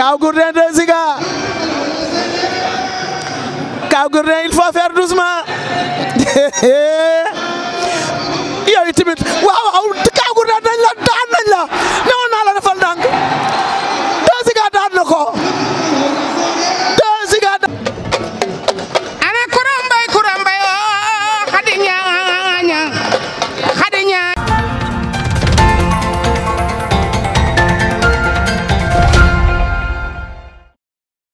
Kaw Gourdin de Ziga Kaw Gourdin il faut faire doucement yooyu tamit waaw